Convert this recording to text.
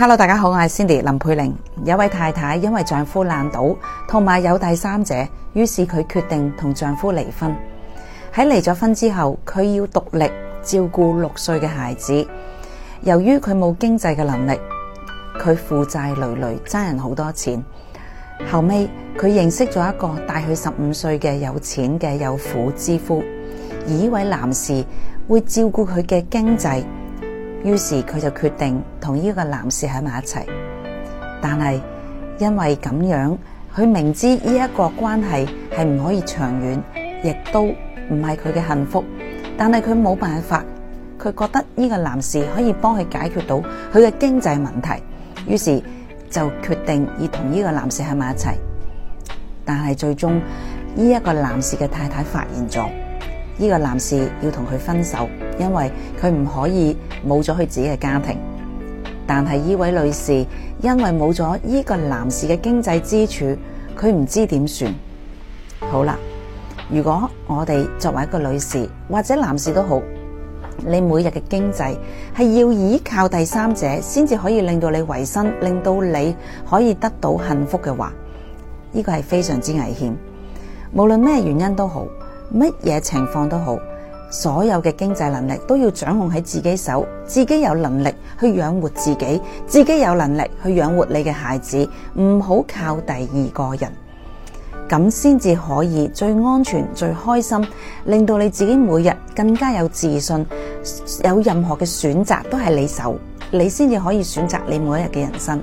Hello，大家好，我是 Cindy 林佩玲。有位太太因為丈夫爛賭同埋有第三者，於是佢決定同丈夫離婚。喺離咗婚之後，佢要獨立照顧六歲嘅孩子。由於佢冇經濟嘅能力，佢負債累累，爭人好多錢。後尾佢認識咗一個大佢十五歲嘅有錢嘅有婦之夫，而呢位男士會照顧佢嘅經濟。於是佢就決定同呢個男士喺埋一齊，但係因為咁樣，佢明知呢一個關係係唔可以長遠，亦都唔係佢嘅幸福，但係佢冇辦法，佢覺得呢個男士可以幫佢解決到佢嘅經濟問題，於是就決定要同呢個男士喺埋一齊，但係最終呢一個男士嘅太太發現咗。呢個男士要同佢分手，因為佢唔可以冇咗佢自己嘅家庭。但係呢位女士因為冇咗呢個男士嘅經濟支柱，佢唔知點算。好啦，如果我哋作為一個女士或者男士都好，你每日嘅經濟係要依靠第三者先至可以令到你維生，令到你可以得到幸福嘅話，呢個係非常之危險。無論咩原因都好。乜嘢情況都好，所有嘅經濟能力都要掌控喺自己手，自己有能力去養活自己，自己有能力去養活你嘅孩子，唔好靠第二個人，咁先至可以最安全、最開心，令到你自己每日更加有自信，有任何嘅選擇都係你手，你先至可以選擇你每一日嘅人生。